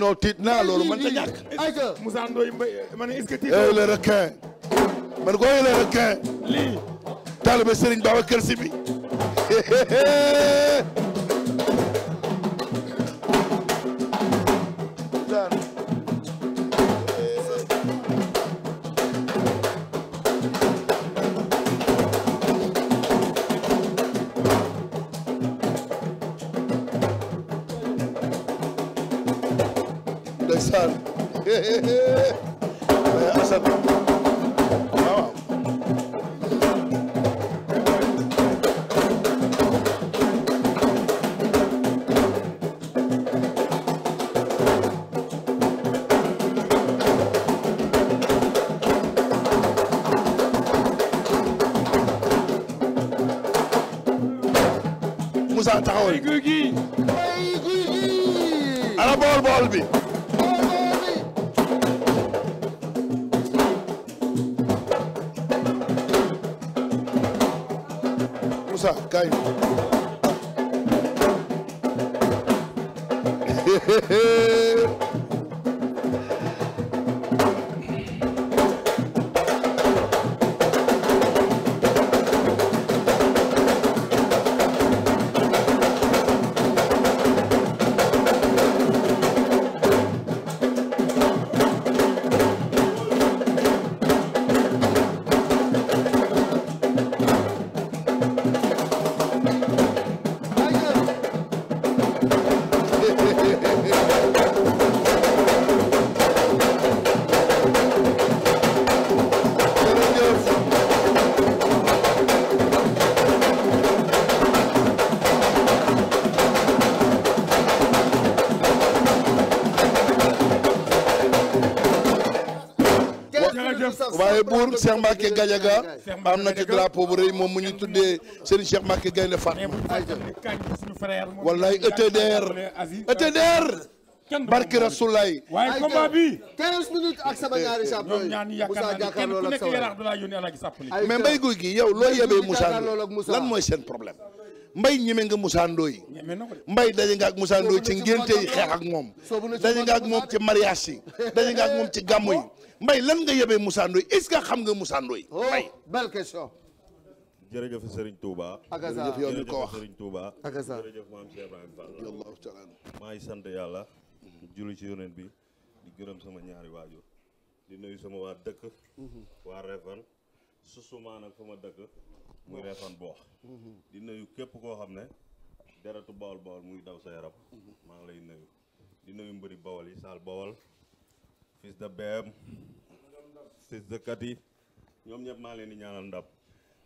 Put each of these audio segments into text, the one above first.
non tiit naa loolu man ta ñàkk. ayca Moussa Ndoye Mbaye man est-ce que tiit eh, naa le requin man ko le requin lii taalibe Serigne Babacar Sy bi Essa... Moussa taxawal. Guy Guy. Guy Guy. ana bool bool bi. Moussa kaay Mbour Cheikh Mbacke Gadiaga am na moom mu tuddee Serigne Cheikh Mbacke Gaynde Fatma wallaay ETDR ETDR barki rasulaay waaye combat bi 15 minutes ak sama ñaari champion Moussa jàkkaarloo ak Sawar mais Mbaye yow loo yebee Moussa lan mooy seen problème mbay ñeme nga Moussa Ndoye mbay daje nga ak Moussa Ndoye ci ngénte yi xeex ak moom daje nga moom ci mariage yi daje nga moom ci gàmmu Mbaye lan nga yebee Moussa est-ce que xam nga Moussa Ndoye. Oh, Mbaye belle question. jërëjëf Serigne Touba. Akasa jërëjëf yow mi ko wax jërëjëf sant yàlla. julli ci yonent bi di gërëm sama ñaari waajur. di nuyu sama waa dëkk. waa Réfane. susuma nag fa ma dëkk. muy Réfane boox di nuyu képp koo xam ne. deretu bawol bawol muy daw sa yaram. maa lay nuyu. di nuyu mbëri bawol yi Saal bawol fils de BM fils de Kati ñom ñep ma leen di ñaanal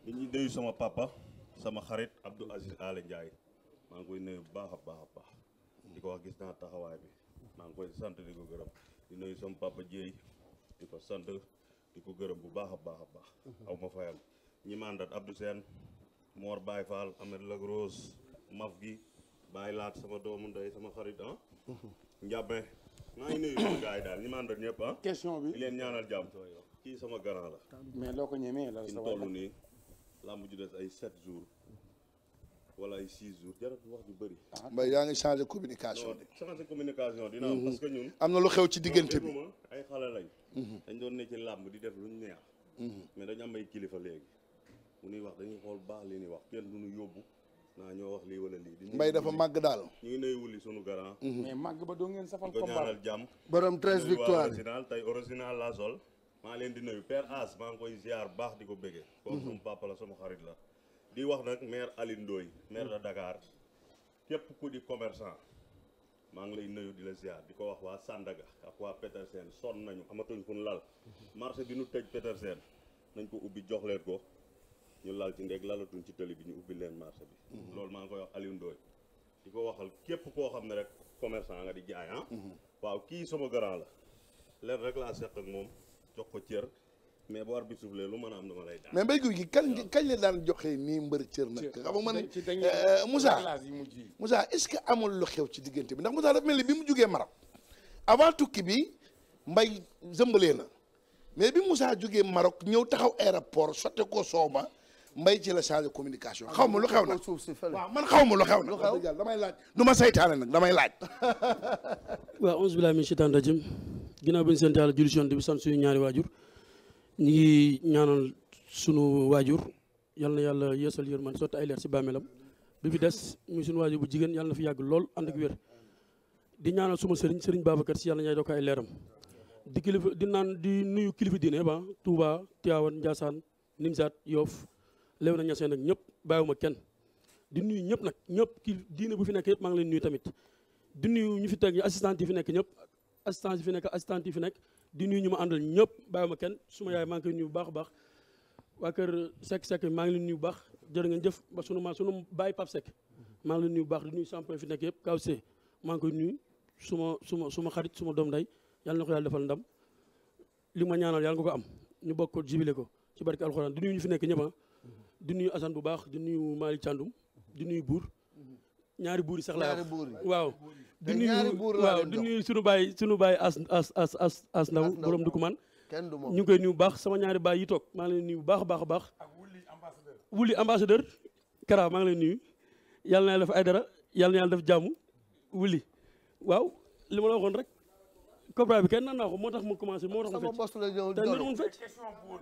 di ñi deuy sama papa sama xarit Abdou Aziz Alé Ndiaye ma ngui koy nuyu bu baax di ko wax gis na taxaway bi ma ngui koy sant di ko di nuyu sama papa jey di ko sant di ko gërëm bu baaxa baaxa baax aw ma fayal ñi mandat Abdou sen Mor Baye Fall Ahmed Lagrose Maf gi Baye lat sama doomu ndey sama xarit ah Ndiabé maa ngi nuyu sama gars yi daal ñi ma àndal ñëpp ah. question bi di leen ñaanal jàmm. kii sama grand la. mais loo ko ñemee la sa toll nii des ay 7 jours wala ay 6 jours jaratu wax ju bëri. Ah. mbay yaa ngi changé communication de. changé communication dina am mhm. parce que ñun. am na lu xew ci diggante bi ay xale lañ. Mhm. dañ doon ne ci làmb di def lu ñu neex. Mhm. mais dañ am ay kilifa léegi. bu ñuy wax dañuy xool baax leen ñuy wax kenn du ñu yóbbu. naa ñoo wax lii wala lii. mbay dafa mag dal ñi ngi nuyu wuli sunu garant. Mhm. mais mag ba do ngeen safal. combat ko ñaanal borom 13 victoires original tay original la sol. ma leen di nuyu père As ma ngoy koy ziar baax di ko bëggee. Mhm. kooku suma papa la sama xarit la. di wax nak maire ali ndoy maire de Dakar. kep ku di commerçant. ma ngi lay nuyu di la ziar di ko wax wa Sandaga ak wa Petersen son nañu amatuñ fuñ lal. Mhm. marché bi nu tej Petersen nañ ko ubbi jox leer ko. ñu laal ci ndeeg lalatuñ ci tëli bi ñu ubbi leen marché bi mhm. loolu maa ngi koy wax Aliou Ndoye di ko waxal képp koo xam ne rek commerçant nga di jaay ah mhm. waaw kii sama grand la leen rek laa seq moom jox ko cër mais bu arbitre bi soufflé lu mën a am dama lay daan mais mbéy gi kañ kañ la daan joxee nii mbër cër nag xam nga man euh, Moussa Moussa est-ce que amul lu xew ci diggante bi ndax Moussa dafa mel ni bi mu jugee Maroc avant tukki bi mbay zëmbalee na mais bi Moussa jugee Maroc ñëw taxaw aéroport sotte ko sooba mbay ci la changé communication ah, xaw ma lu xew nag waaw man xaw ma lu xew nag damay laaj du ma saytaane nag damay laaj waaw auzu billahi mi shaytaan rajim ginnaaw bi ñu sant yàlla julli ci Yonent bi sant ñaari waajur ñu ngi ñaanal sunu waajur yal na yàlla yeesal yërmande sotti ay leer ci bàmmeelam bi fi des muy sunu waajur bu jigéen yàlla na fi yàgg lool ànd ak wér di ñaanal suma sëriñ sëriñ Babacar si yàlla ñaay dokk ay leeram di kilifa di naan di nuyu kilifa diine ba Touba Tivaouane Ndiassane Nimzaat léew na ñaseen nag ñëpp bàyyiwuma kenn di nuyu ñëpp nag ñëpp ki diine bu fi nekk maa ngi leen nuyu tamit di nuyu ñu fi teg ñu assistant fi nekk ñëpp assistant yi fi nekk assistant yi fi nekk di nuyu ñu ma àndal ñëpp bàyyiwuma kenn suma yaay maa ngi koy nuyu bu baax baax waa kër Seck Seck maa ngi leen nuyu baax jër nga jëf ba sunu ma sunu baay Pape Seck maa ngi leen nuyu baax di nuyu champion fi nekk yëpp kaw see maa ngi koy nuyu suma suma suma xarit suma doom nday yàlla na ko yàlla defal ndam li ma ñaanal yàlla nga ko am ñu bokk ko jibile ko ci ñu fi nekk ñëpp ah. di nuyu asan bu baax di nuyu Malick Thiandoum di nuyu bour ñaari buur sax la waaw di nuyu waaw di nuyu sunu bay, sunu bay as as as as as naw borom dukumaan ñu koy nuyu baax sama ñaari bay yi tok ma ngi nuyu baax baax baax a baax wuli ambassadeur Kara ma ngi nuyu yàlla na def ay dara yalla na def jamu wuli waaw lima la waxoon rek Cobra bi kenn nanako motax ko moo tax mu commencé moo tax mu fecc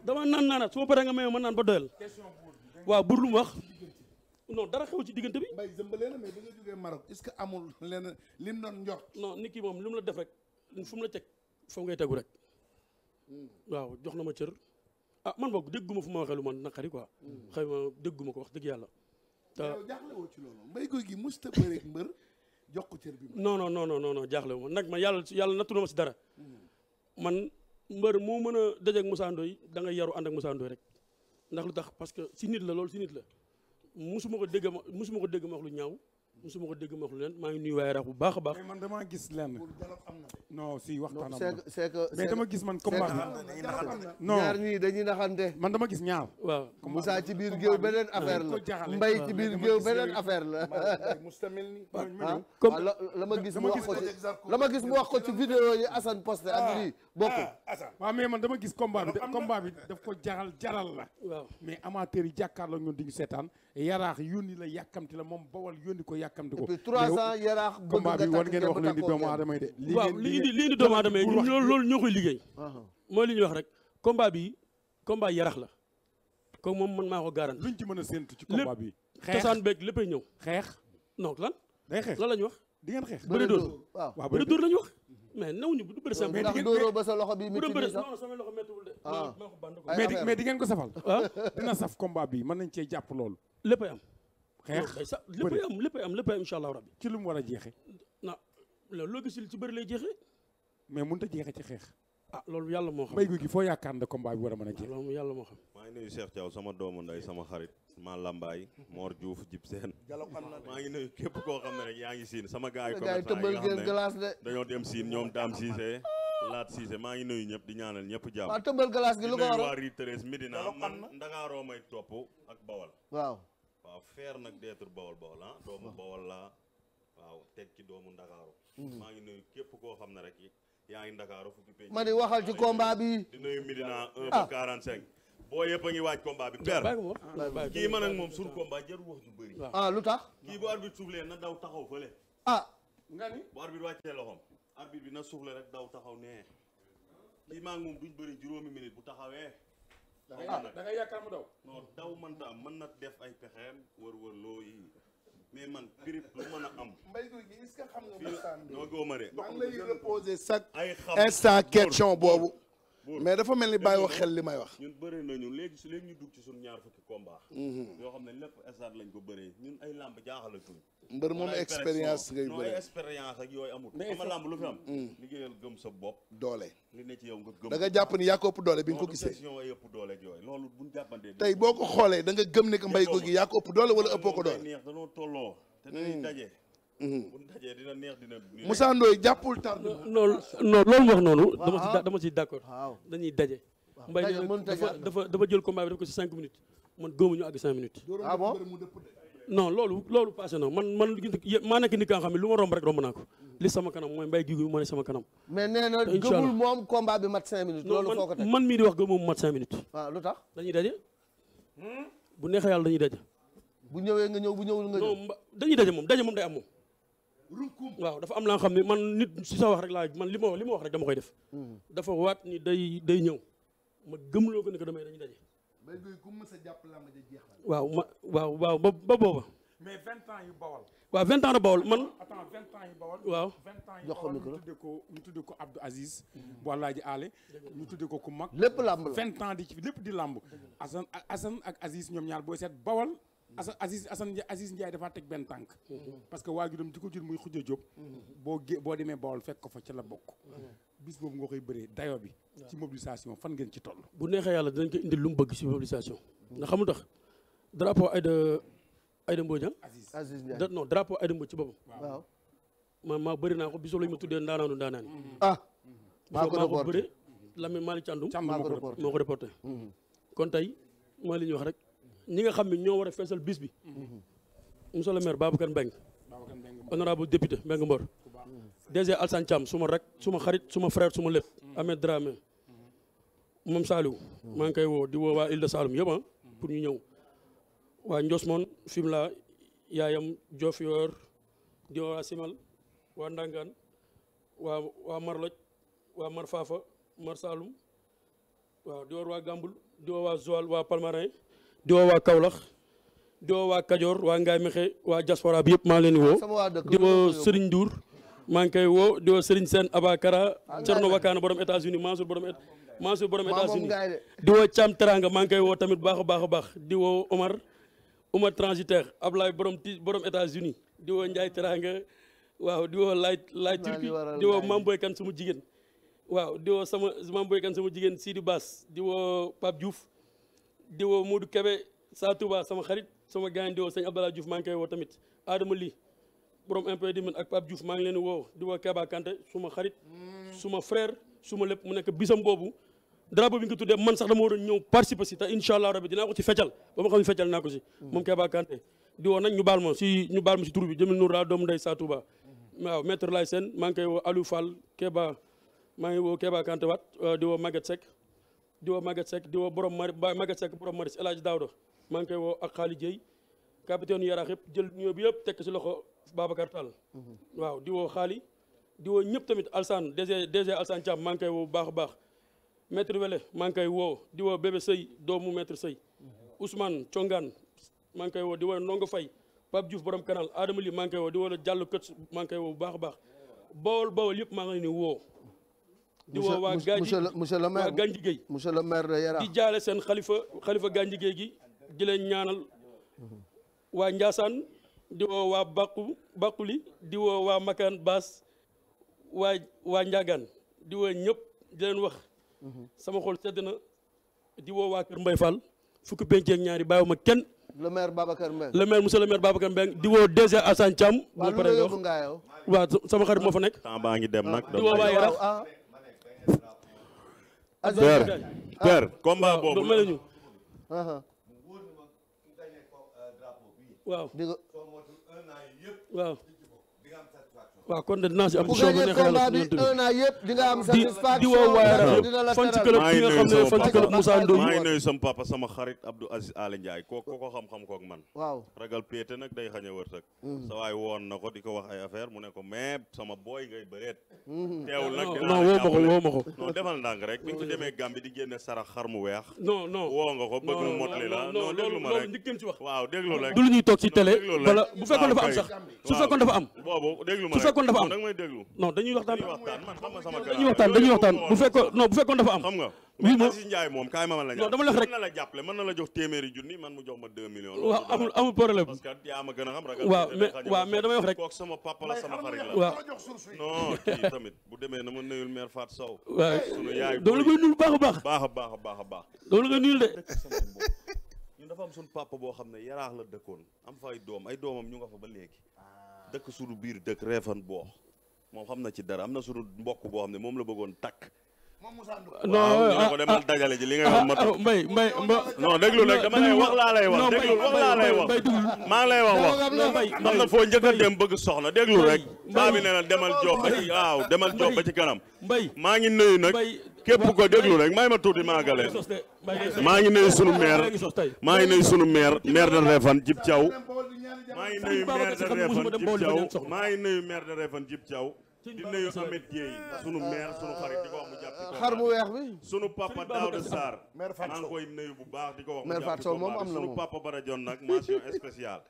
dama nan nana su ma nga may ma nan ba doyal waaw bur lu wax. non dara xew ci diggante bi. mbay zëmbalee la mais bi nga jógee Maroc est-ce que amul lenn lim doon njort. non nit ki moom lu la def rek fu mu la teg foofu ngay tegu rek. Hmm. waaw jox na ma cër. ah man boog dégguma fu ma waxee lu naqari quoi. Hmm. xëy ma dégguma ko wax dëgg yàlla. te yow jaaxle woo ci loolu mbay guy gi musta jox ko cër bi. non non non non non jaaxle nag ma yàlla yàlla nattu na ma si dara. Hmm. man mbër moo mën a dajeeg Moussa Ndoye da ngay yaru ànd ak Moussa Ndoye rek. ndax lu tax parce que si nit la loolu si nit la musuma ko dégg ma musuma ko dégg max lu ñaaw musuma ko dégg ma wax leen maa ngi nuyu waaye rax bu baax a baax. man damaa gis lenn. non si waxtaan am na. c'est que mais dama gis man combat bi. non ñaar ñii dañuy naxante. man dama gis ñaar. waaw Moussa ci biir géew beneen affaire la. Mbaye ci biir géew beneen affaire la. Ah, ah, comme ah, la ma gis mu wax ko ci la ma gis mu wax ko ci vidéo yi Assane posté ak lii bokkul. waaw mais man dama gis combat bi combat bi daf ko jaral jaral la. waaw mais amateurs yi jàkkaarloo ñun di ñu seetaan yaraax yónni la yàkkamti la moom bawal yónni ko yàkk yàkkamti ko. et puis trois ans yaraax bëgg nga takk combat bi war ngeen indi doomu aadama yi de. li indi doomu aadama yi loolu loolu ñoo koy liggéey. Uh-huh. mooy li ñuy wax rek combat bi combat yaraax la. ko moom man maa ko garan luñ ci mën a séntu ci combat bi. xeex tosaan xeex non lan. day xeex la ñu wax. di ngeen xeex bëri dóor waaw bëri dóor la ñu wax. mais nawuñu bu du bëri simple. ndax dóoroo ba sa loxo bi métti nii ah. di mais di ngeen ko safal. Ah. dina saf combat bi mën nañ cee jàpp loolu léppay am. xeex sa léppay am léppay am léppay am incha allahu rabbi ci lu mu war a jeexe na loolu loo gis li ci bëri lay jeexe mais mun a jeexe ci xeex ah loolu yàlla moo xam mbay gi foo yaakaar ne combat bi war a mën a jeex loolu yàlla moo xam maa ngi nuyu Cheikh Thiaw sama doomu nday sama xarit maa lambaay Mor Diouf jib seen maa ngi nuyu képp koo xam ne rek yaa ngi siin sama gars yi commerçant yi dañoo dem siin ñoom Dame Cissé laat Cissé maa ngi yu ñëpp di ñaanal ñëpp jàmm waa tëmbal glace gi lu ko waral waa Ritres Medina man Ndakaaroo may topp ak Bawal waaw fier nag d'être bawol bawol ah doomu bawol laa waaw teg ci doomu ndakaaru mm-hmm. maa ngi nuyu képp koo xam ne rek yaa ngi ndakaaru fukki peñ ma ni waxal ci combat bi boo yëpp a ngi waaj combat bi père kii man ak moom suñu combat jarul wax ju bëri ah lu tax kii bu arbitre suuflee na daw taxaw fële ah nga ni bu arbitre wàccee loxoom arbitre bi na suufle rek daw taxaw nee kii maa ngi moom duñ bëri juróomi minute bu taxawee da ngay ah. da ngay yaakaar mu daw. non daw mënta am mën na def ay pexeem war wër loo yi mais man prix lu mën a am. mbay guy gi est-ce que xam nga. fii noo góoma de. maa ngi lay reposer chaque instant question boobu. mais dafa mel ni bàyyi wax xel li may wax ñun bëri nañu léegi su léegi ñu dugg ci suñu ñaar fukki combat mhm. xam ne lépp stade lañ ko bëree ñun ay làmb jaaxalatuñ mbër moom expérience ngay bëree expérience ak yooyu amul ama làmb lu fi am mm. liggéeyal gëm sa bopp doole li ne ci yow nga gëm da nga jàpp ni yaa ko ëpp doole bi nga ko gisee ëpp doole ak yooyu loolu buñ jàppandee tey boo ko xoolee da nga gëm ne ko mbay ko gi yaa ko ëpp doole wala ëppoo ko doole Mm-hmm. Moussa Ndoye jàppul tardé. non non loolu wax noonu. dama ci dama ci d'accord. dañuy daje. mbay dafa dafa dafa jël combat bi def ko ci cinq minutes man góobuñu àgg cinq minutes. ah bon non loolu loolu passé na man maa nekk nit ka xam ne ma romb rek romb naa ko. li sama kanam mooy mbay gi moo ne sama kanam. mais nee na gëmul moom man mii di wax gëmul moom mat cinq minutes. waaw lu tax dañuy daje. Hmm? bu neexee yàlla dañuy daje. bu ñëwee nga ñëw bu ñëwul nga ñëw. non dañuy daje moom daje moom day am moom. waaw dafa am laa xam ne man nit si sa wax rek laa man li ma wax li ma wax rek dama koy def. Hmm. dafa waat ni day day ñëw ma gëmloo ko ne ko damay dañuy daje. waaw ma waaw waaw ba ba booba. mais vingt ans yu bawal. waaw vingt ans de bawal man. attends vingt ans yu bawal. waaw jox ko micro ñu tuddee ko ñu tuddee ko Abdou Aziz. Hmm. bu Alaaji Aale. ñu tuddee ko ku mag. lépp làmb la vingt ans di lépp di làmb. Assane Assane ak Aziz ñoom ñaar booy seet bawal. Assa Aziz Assane Aziz Ndiaye dafaa teg benn tànk. parce que waajuram di ko jur muy Khoudia Diop. boo gé boo demee Bawol fekk ko fa ca la bokk. bis boobu nga koy bëree dayo bi. ci mobilisation fan ngeen ci toll. bu neexee yàlla dinañ ko indil lu mu bëgg ci mobilisation. nga xamul tax drapeau Aïda Aïda Mbodj ah. Aziz Ndiaye non drapeau Aïda Mbodj ci boppam. waaw man maa bëri naa ko bisoo la ñu ma tuddee ndaanaanu ndaanaani. ah maa ko reporté bisoo maa ko bëri Lamine Malick Thiandoum. maa ko reporté moo ko reporté mm-hmm. kon tey mooy li ñuy wax rek. ñi nga xam ne ñoo war a feesal bis bi. monsieur le maire Babacar Mbengue. honorable député Mbengue Mbor. DG Alsane Thiam suma rek suma xarit suma frère suma lépp. Ahmed Dramé. moom Saliou. maa ngi koy woo di woo waa Île de Saloum yëpp ah, pour ñu ñëw. waa Ndiosmone Fimela yaayam Diofior di woo waa Simal waa Ndangaan waa waa Marloj waa Mar Fafa Mar Saloum waaw di waa Gambul di waa Palmarin. di wa waa Kaolack di woo waa Kajoor waa Mexe waa diaspora bi yep ma len wo di Serigne dour maa kay wo di Serigne sen Abakara Cerno Wakaana borom etats unis Mansour borom Mansour borom etats unis di woo Teranga maa kay wo tamit baax a bax di woo Omar Omar transitaire ablay borom borom etats unis di woo Ndiaye Teranga waaw di woo laay laay turki di woo Mamboy Kan sumu jigen waaw di woo sama Mamboy Kan sumu jigen Sidi Bass di woo pap Diouf diwo woo Modou Kébé Touba sama xarit sama gaañ di seigne Abdallah Diouf mang ngi koy woo tamit Adama li borom impédiment ak pap Diouf mang len wo di suma xarit suma frère suma lepp mu nek bisam bobu drapeau bi nga tuddé man sax dama waroon ñew participer ci ta inshallah rabbi dina ko ci fétal bama xam fétal nako ci mom si kante Kaba Kanté di woo ñu balmo ma ñu balmo ci tour bi Jamil Nour laa ndey sa Touba waaw maître lay sen mang koy Fall Keba mang wo Keba kante wat di woo di woo Maguette Seck di woo borom mari Maguette Seck borom maris El Hadj Daouda maa ngi koy woo ak Xaali Dieye capitaine Yaraax yëpp jël ñëw bi yëpp tekk si loxo Babacar Tall waaw di Xaali diwoo woo ñëpp tamit Alsane DG DG Alsane Thiam maa ngi koy woo bu baax a baax maître Wele maa ngi koy woo di woo bébé Sey doomu maître Sey Ousmane Congaan maa ngi koy woo di woo Ndongo Faye Pape Diouf borom canal Adama Ly maa woo di woo la Diallo Kët maa ngi woo bu baax a baax Bawol Bawol yëpp maa ngi leen woo di waa Gagny monsieur le maire Gagny Gueye monsieur le maire de Yara di jaale seen xalifa xalifa Gagny Gueye gi di leen ñaanal waa Ndiassane di waa Baqu Baquli di woo waa Makan Baas waa waa Ndiagane di woo ñëpp di leen wax sama xol sedd na di waa Kër Mbaye Fall fukki penc ak ñaari bàyyiwuma kenn le maire Babacar Mbengue le maire monsieur le la yóbbu ngaa yow. waaw sama xarit moo fa nekk. temps ngi dem nag. di waa Yarax ah, ah. per per ah. combat boobu la ñu uh-huh. waaw waaw waaw kon de dinaa si am émission bu neexee yàlla bu di woo waaye rajo yëpp fan ci maa ngi nuyu sama papa sama xarit Abdou Aziz Alé Ndiaye kooku ko xam-xam kook man waaw ragal péete nag day xañ a wërsëg mm. sa waay woon na ko di ko wax ay affaire mu ne ko mais sama booy ngay bëreet mm-hmm. teewul woo ma ko woo ma ko non defal ndànk rek bi nga ko di génne sarax xar mu weex non non woo nga ko bëgg mu motali la non déglu ma rek njëkkam ci wax waaw déglu rek du lu ñuy toog ci télé wala bu fekkoon dafa am sax su fekkoon dafa am boobu déglu fekkoon am non dañuy waxtaan dañuy waxtaan dañuy waxtaan bu fekkoon non bu fekkoon dafa am xam nga oui moom la non dama la wax rek mën na la jàppale ma deux millions waaw amul amul problème parce que yaa ma gën a xam ragal waaw mais waaw mais damay wax rek na ma nuyul mère Fat Sow waaw sunu yaay dama la koy baax a baax a baax a baax baax dama la koy nuyul de ñun dafa am boo xam ne yaraax la dëkkoon am fa doom ay doomam ñu ba léegi dëkk suñu biir dëkk reefan boo moom xam na ci dara am na suñu mbokk boo xam ne moom la bëggoon takk. moom Moussa Ndoye. non ah ko demal ah, dajale ji li nga ma ah, matu. mbay mbay mba. non déglu rek dama lay wax laa lay wax déglu wax laa lay wax. maa ngi lay wax wax. xam na foo njëkk a dem bëgg soxna déglu rek. mbay bi nee na demal job ba ci waaw demal job ci kanam. mbay maa ngi nuyu nag. képp ko déglu rek may ma tuuti maa galeen maa ngi nuyu sunu maire maa ngi nuyu sunu maire maire de Réfane Djib Thiaw maa ngi nuyu maire de Réfane Djib Thiaw maa ngi nuyu maire de Réfane Djib Thiaw di nuyu Amet Dieye sunu maire sunu xarit di ko wax mu jàpp ci xar mu weex bi sunu papa Daouda Sarr maa ngi koy nuyu bu baax di ko wax mu jàpp ci combat sunu papa Barajon nag mention spéciale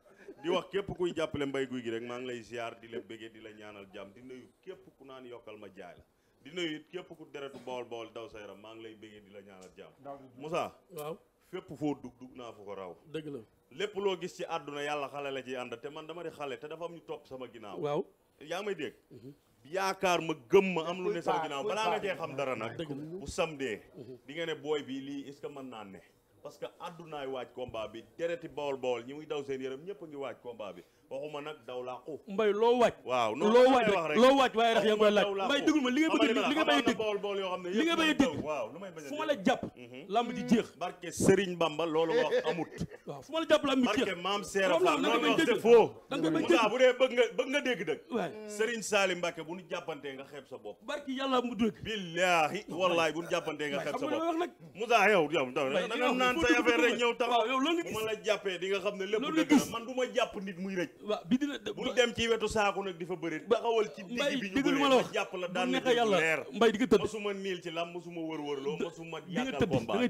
di wax képp kuy jàppale mbay guy gi rek maa ngi lay ziar di la bëggee di la ñaanal jàmm di nuyu képp ku naan yokkal ma jaay di nuyu it képp ku deretu bawol bawol daw sa yaram maa ngi lay bëggee di la ñaanal jàmm. Moussa. waaw fépp foo dug dug naa foo ko raw. dëgg la lépp loo gis ci àdduna yàlla xale la ciy ànd te man dama di xale te dafa am ñu topp sama ginnaaw. waaw yaa may dégg. Mhm. yaakaar ma gëm ma am lu ne sama ginnaaw balaa nga cee xam dara nag. bu samdee mhm. di nga ne booy bii lii est man naan ne. parce que àddunaay waaj combat bi dereti bawol bawol ñi muy daw seen yaram ñëpp a ngi waaj combat bi waxuma nag daw laa mbay loo waaj. waaw loo waaj loo waaj waaye rek yaa ngi laaj. mbay déglu ma li nga bëgg li nga bëgg a a dégg fu ma la jàpp. Mhm. lamb ji jeex. Hmm. barke Serigne Bamba loolu wax amut. waaw fu ma la jàpp lamb ji jeex barke maam Seera Fall loolu wax da nga koy bu dee bëgg nga bëgg nga dégg dëgg. waay bu nu jàppantee nga xeeb sa bopp. barke yàlla mu dëgg. billaahi wallaahi bu nu jàppantee nga xeeb sa bopp. wax nag Moussa yow yow da nga naan say affaire rek ñëw taxaw. yow loolu bu ma la jàppee di nga xam ne lépp dëgg la man du ma jàpp nit muy rëcc. bi bu dem ci wetu saako nag di fa bëri taxawal ci digg bi ñu bëri jàpp la daan leer mbay di nga tëdd mosuma niil ci lamb mosuma wër wër loo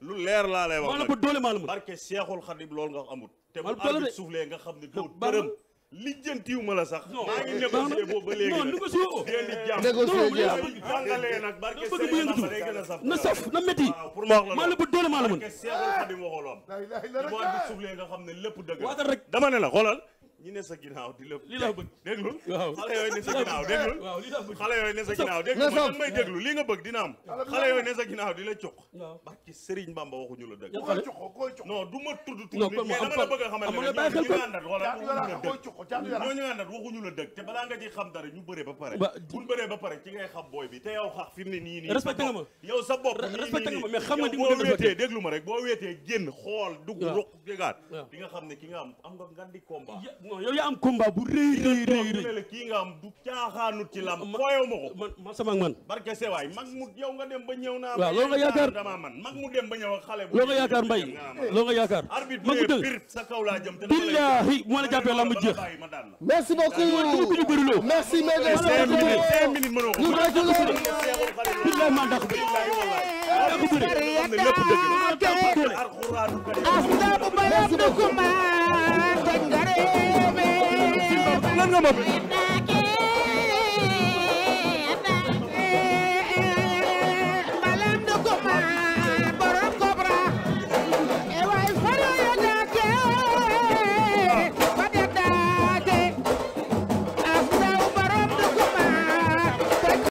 lu leer laa lay wax maa la bu doole maa la mën barke seexul xadim loolu nga amut te bu ma la sax maa ngi négocié boobu ba léegi non négocié oo négocié jaam jàngalee nag barke gën a saf na saf na métti pour ma wax la maa la bu doole maa la mën barke seexul xadim waxoloon bu arbi suuflee nga xam ne lépp dëgg waatal rek ñu ne sa ginnaaw di la. li la bëgg déglu. waaw xale yooyu ne sa ginnaaw déglu. waaw li la bëgg li nga bëgg dina am. yooyu ne sa ginnaaw di la cox. waaw barki Serigne Bamba waxuñu la dëgg. yow xale non du ma tudd tur bi mais dama la bëgg a xamal ne ñoo ñu àndat wala ñoo ñu la dëgg te balaa nga ci xam dara ñu bëree ba pare. bu ñu bëree ba pare ci ngay xam booy bi te yow xax fi mu ne nii nii. respecté nga ma yow sa bopp boo wéetee déglu ma rek génn xool dugg ruq jegaat nga xam ne ki nga am am nga ngandi combat non yow yaa am combat bu rëy rëy rëy rëy kii nga am du caaxaanut ci lamb fooyew ma ko man man sama man barke sewaay mag mu yow nga dem ba ñëw naa waaw loo nga yaakaar dama man mag mu dem ba ñëw ak xale bu loo nga yaakaar mbay loo nga yaakaar arbitre bu dëgg sa kaw laa jëm te billahi bu ma la jàppee lamb jeex merci beaucoup ñu bëri loo merci mais cinq minutes cinq minutes mënoo ko billahi maa dàq bëri dàq bëri lépp dëgg la alxuraanu kariim lan nga mën